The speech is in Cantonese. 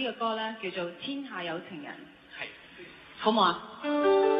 呢個歌咧叫做《天下有情人》，係的好唔好啊？